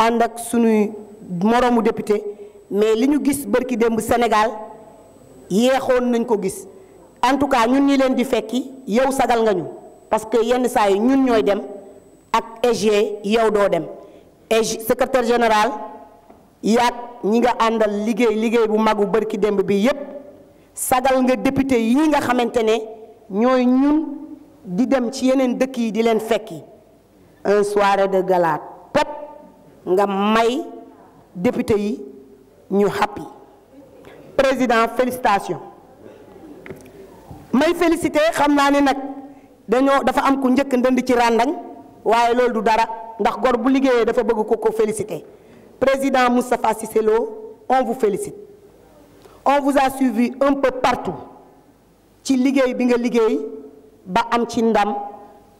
ànd ak suñuy moroomu député mais li ñu gis bërki démb Sénégal yeexoon nañ ko gis en tout cas ñun ñi leen di fekki yow sagal nga ñu parce que yenn saa yi ñun ñooy dem ak EG yow doo dem secretaire secrétaire général yaag ñi nga àndal liggéey liggéey bu magu bërki démb bi yépp sagal nga député yi nga xamante ne ñooy ñun di dem ci yeneen dëkk yi di leen fekki un soirée de galaat nga may député yi ñu happy président félicitation may félicité xam naa ne nag dañoo dafa am ku njëkk ndënd ci ràndañ waaye loolu du dara ndax gor bu liggéeyee dafa bëgg ko ko félicité président Moustapha Cissé Lo vous félicite on vous a suivi un peu partout ci liggéey bi nga liggéey ba am ci ndam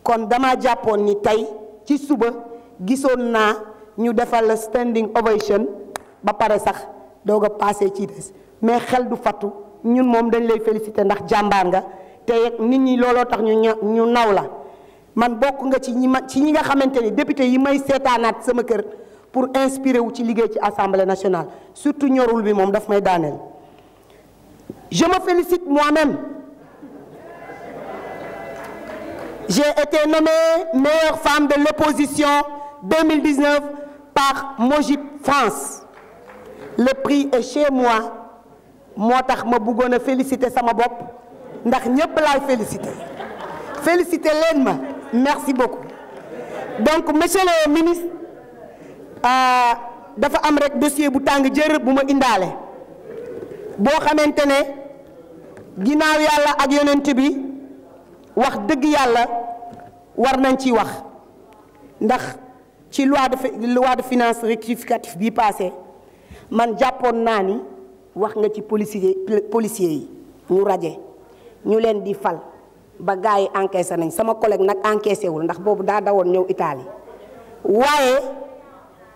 kon dama jàppoon ni tey ci suba gisoon naa ñu defal la standing ovation ba pare sax doo a passé ci des mais xel du fattu ñun moom dañ lay félicité ndax jàmbaar nga te nit ñi looloo tax ñu ñu naw la man bokk nga ci ñi ma ci ñi nga xamante ni député yi may seetaanaat sama kër pour inspiré wu ci liggéey ci assemblée nationale surtout ñorul bi moom daf may daaneel je me félicite moi-même j'ai été nommée meilleure femme de l'opposition par Mojib France le prix est chez moo tax ma bëggoon a féliciter sama bopp ndax ñépp laay féliciter féliciter leen ma merci beaucoup donc monsieur le ministre euh, dafa am rek dossier bu tàng jër bu ma indaale boo xamante ne ginnaaw yàlla ak yonent bi wax dëgg yàlla war nañ ci wax ndax ci loi de loi de finance rectificative bi passé man jàppoon naa ni wax nga ci policier policier yi ñu raje ñu leen di fal ba gars yi encaissé nañ sama collègue nag encaissé wul ndax boobu daa dawoon ñëw Italie waaye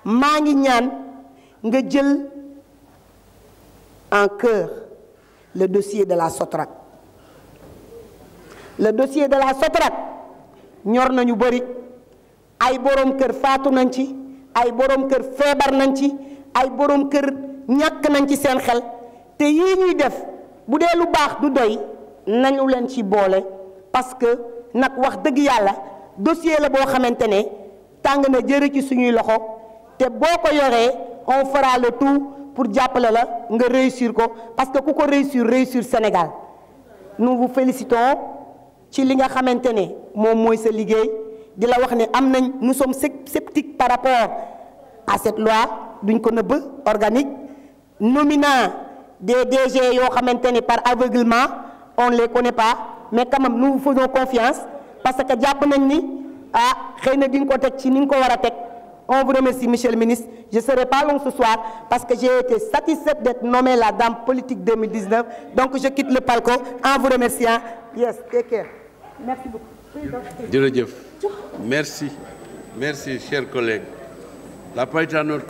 maa ngi ñaan nga jël en cœur le dossier de la Sotrac le dossier de la Sotrac ñor nañu bëri ay borom kër faatu nañ ci ay borom kër feebar nañ ci ay borom kër ñàkk nañ ci seen xel te yii ñuy def bu dee lu baax du doy nañu leen ci boole parce que nag wax dëgg yàlla dossier la boo xamante ne tàng na jër ci suñuy loxo te boo ko yoree on fera tout pour jàppale la nga réussir ko parce que ku ko réussir réussir Sénégal nous vous félicitons ci li nga xamante ne moom mooy sa liggéey di la wax ne am nañ nous sommes sceptiques par rapport à cette loi duñ ko nëbb organique nominant des DG yoo xamante ne par aveuglement on ne les connaît pas mais quand même nous faisons confiance parce que jàpp nañ ni ah xëy na di nga ko teg ci ni nga ko war a teg on vous remercie monsieur ministre je serai pas long ce soir parce que j'ai été satisfaite d'être nommé la dame politique 2019 donc je quitte le palco en vous remerciant yes take care merci beaucoup. jërëjëf merci merci chers collègues la parole est